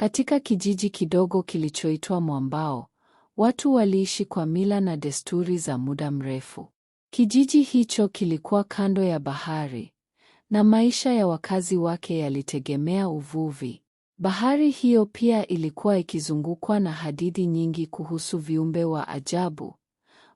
Katika kijiji kidogo kilichoitwa Mwambao, watu waliishi kwa mila na desturi za muda mrefu. Kijiji hicho kilikuwa kando ya bahari na maisha ya wakazi wake yalitegemea uvuvi. Bahari hiyo pia ilikuwa ikizungukwa na hadithi nyingi kuhusu viumbe wa ajabu,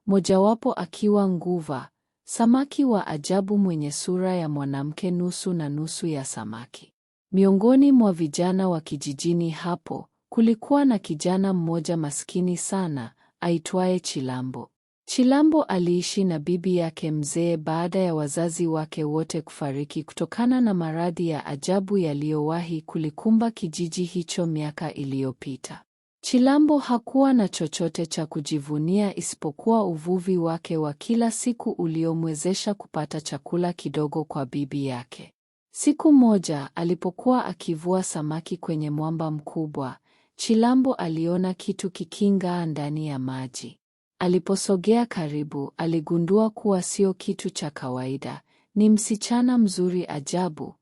mojawapo akiwa nguva, samaki wa ajabu mwenye sura ya mwanamke nusu na nusu ya samaki. Miongoni mwa vijana wa kijijini hapo kulikuwa na kijana mmoja maskini sana aitwaye Chilambo. Chilambo aliishi na bibi yake mzee baada ya wazazi wake wote kufariki kutokana na maradhi ya ajabu yaliyowahi kulikumba kijiji hicho miaka iliyopita. Chilambo hakuwa na chochote cha kujivunia isipokuwa uvuvi wake wa kila siku uliomwezesha kupata chakula kidogo kwa bibi yake. Siku moja alipokuwa akivua samaki kwenye mwamba mkubwa, Chilambo aliona kitu kiking'aa ndani ya maji. Aliposogea karibu, aligundua kuwa sio kitu cha kawaida. Ni msichana mzuri ajabu,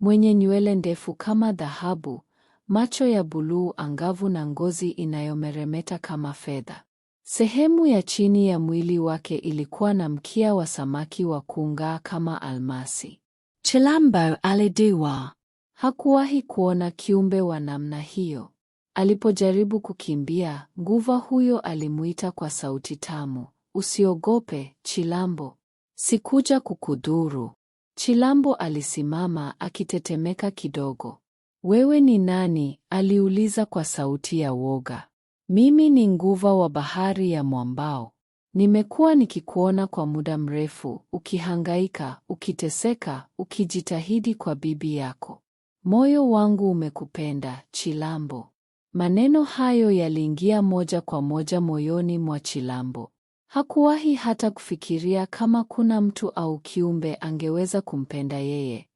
mwenye nywele ndefu kama dhahabu, macho ya buluu angavu na ngozi inayomeremeta kama fedha. Sehemu ya chini ya mwili wake ilikuwa na mkia wa samaki wa kung'aa kama almasi. Chilambo aliduwa. Hakuwahi kuona kiumbe wa namna hiyo. Alipojaribu kukimbia, nguva huyo alimuita kwa sauti tamu, usiogope Chilambo, sikuja kukudhuru. Chilambo alisimama akitetemeka kidogo. Wewe ni nani? aliuliza kwa sauti ya woga. Mimi ni nguva wa bahari ya mwambao. Nimekuwa nikikuona kwa muda mrefu, ukihangaika, ukiteseka, ukijitahidi kwa bibi yako. Moyo wangu umekupenda, Chilambo. Maneno hayo yaliingia moja kwa moja moyoni mwa Chilambo. Hakuwahi hata kufikiria kama kuna mtu au kiumbe angeweza kumpenda yeye,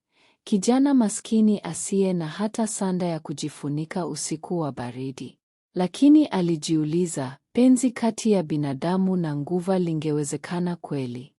kijana maskini asiye na hata sanda ya kujifunika usiku wa baridi. Lakini alijiuliza, penzi kati ya binadamu na nguva lingewezekana kweli?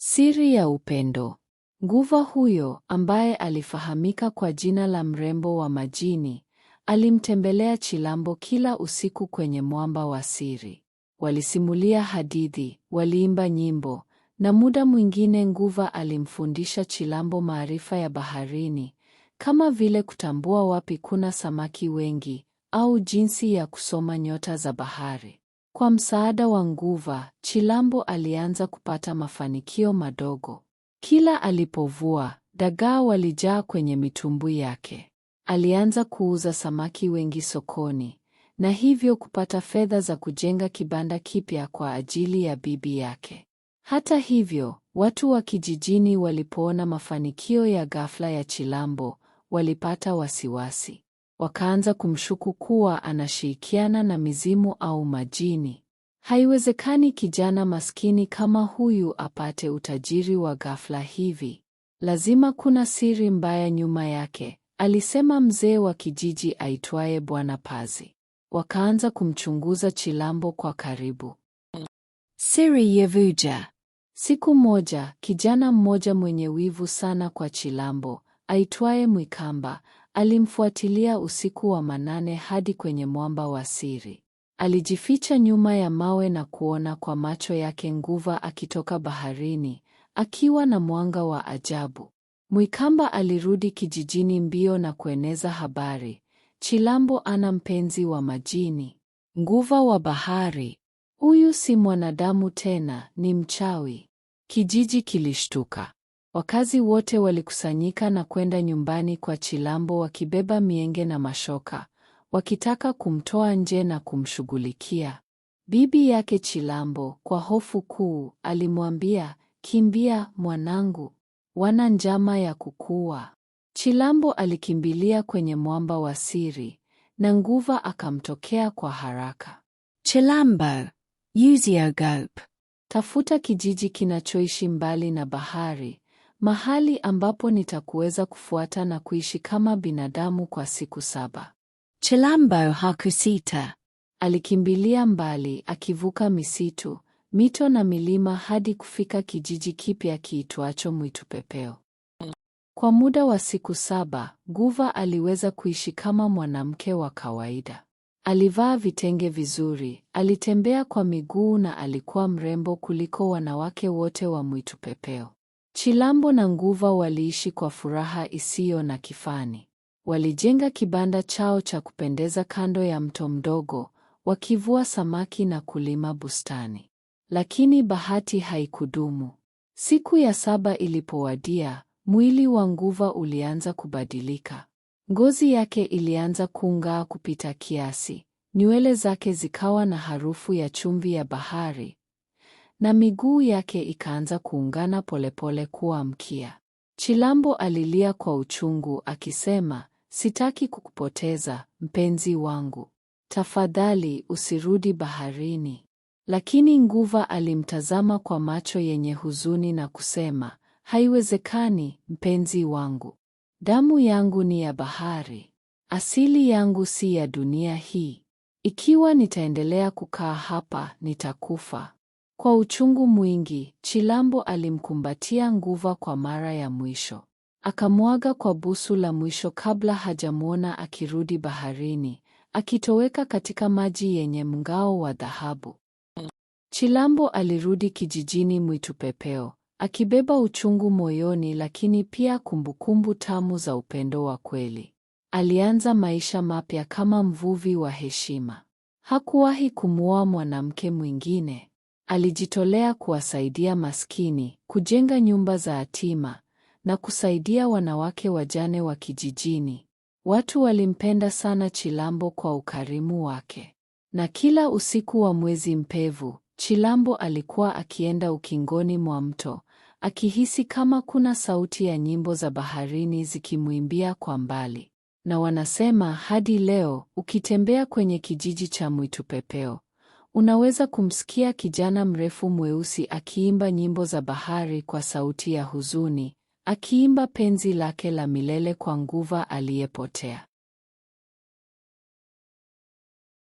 Siri ya upendo. Nguva huyo ambaye alifahamika kwa jina la mrembo wa majini alimtembelea Chilambo kila usiku kwenye mwamba wa siri. Walisimulia hadithi, waliimba nyimbo, na muda mwingine Nguva alimfundisha Chilambo maarifa ya baharini, kama vile kutambua wapi kuna samaki wengi, au jinsi ya kusoma nyota za bahari. Kwa msaada wa nguva, Chilambo alianza kupata mafanikio madogo. Kila alipovua, dagaa walijaa kwenye mitumbu yake. Alianza kuuza samaki wengi sokoni na hivyo kupata fedha za kujenga kibanda kipya kwa ajili ya bibi yake. Hata hivyo, watu wa kijijini walipoona mafanikio ya ghafla ya Chilambo, walipata wasiwasi wakaanza kumshuku kuwa anashirikiana na mizimu au majini. Haiwezekani kijana maskini kama huyu apate utajiri wa ghafla hivi. Lazima kuna siri mbaya nyuma yake, alisema mzee wa kijiji aitwaye Bwana Pazi. Wakaanza kumchunguza Chilambo kwa karibu. Siri yevuja. Siku moja kijana mmoja mwenye wivu sana kwa Chilambo aitwaye Mwikamba Alimfuatilia usiku wa manane hadi kwenye mwamba wa siri. Alijificha nyuma ya mawe na kuona kwa macho yake nguva akitoka baharini, akiwa na mwanga wa ajabu. Mwikamba alirudi kijijini mbio na kueneza habari. Chilambo ana mpenzi wa majini. Nguva wa bahari. Huyu si mwanadamu tena, ni mchawi. Kijiji kilishtuka. Wakazi wote walikusanyika na kwenda nyumbani kwa Chilambo wakibeba mienge na mashoka, wakitaka kumtoa nje na kumshughulikia. Bibi yake Chilambo, kwa hofu kuu, alimwambia, "Kimbia mwanangu, wana njama ya kukua." Chilambo alikimbilia kwenye mwamba wa siri na Nguva akamtokea kwa haraka. Chilambo, use your gulp. Tafuta kijiji kinachoishi mbali na bahari mahali ambapo nitakuweza kufuata na kuishi kama binadamu kwa siku saba. Chilambo hakusita. Alikimbilia mbali akivuka misitu, mito na milima hadi kufika kijiji kipya kiitwacho Mwitupepeo. Kwa muda wa siku saba, Guva aliweza kuishi kama mwanamke wa kawaida. Alivaa vitenge vizuri, alitembea kwa miguu na alikuwa mrembo kuliko wanawake wote wa Mwitupepeo. Chilambo na Nguva waliishi kwa furaha isiyo na kifani. Walijenga kibanda chao cha kupendeza kando ya mto mdogo, wakivua samaki na kulima bustani. Lakini bahati haikudumu. Siku ya saba ilipowadia, mwili wa Nguva ulianza kubadilika. Ngozi yake ilianza kung'aa kupita kiasi, nywele zake zikawa na harufu ya chumvi ya bahari, na miguu yake ikaanza kuungana polepole kuwa mkia. Chilambo alilia kwa uchungu akisema, sitaki kukupoteza mpenzi wangu, tafadhali usirudi baharini. Lakini Nguva alimtazama kwa macho yenye huzuni na kusema, haiwezekani mpenzi wangu, damu yangu ni ya bahari, asili yangu si ya dunia hii. Ikiwa nitaendelea kukaa hapa nitakufa. Kwa uchungu mwingi, Chilambo alimkumbatia Nguva kwa mara ya mwisho. Akamwaga kwa busu la mwisho kabla hajamwona akirudi baharini, akitoweka katika maji yenye mng'ao wa dhahabu. Chilambo alirudi kijijini mwitu pepeo, akibeba uchungu moyoni lakini pia kumbukumbu tamu za upendo wa kweli. Alianza maisha mapya kama mvuvi wa heshima. Hakuwahi kumwoa mwanamke mwingine. Alijitolea kuwasaidia maskini, kujenga nyumba za yatima na kusaidia wanawake wajane wa kijijini. Watu walimpenda sana Chilambo kwa ukarimu wake, na kila usiku wa mwezi mpevu Chilambo alikuwa akienda ukingoni mwa mto akihisi kama kuna sauti ya nyimbo za baharini zikimwimbia kwa mbali, na wanasema hadi leo ukitembea kwenye kijiji cha Mwitupepeo Unaweza kumsikia kijana mrefu mweusi akiimba nyimbo za bahari kwa sauti ya huzuni, akiimba penzi lake la milele kwa nguva aliyepotea.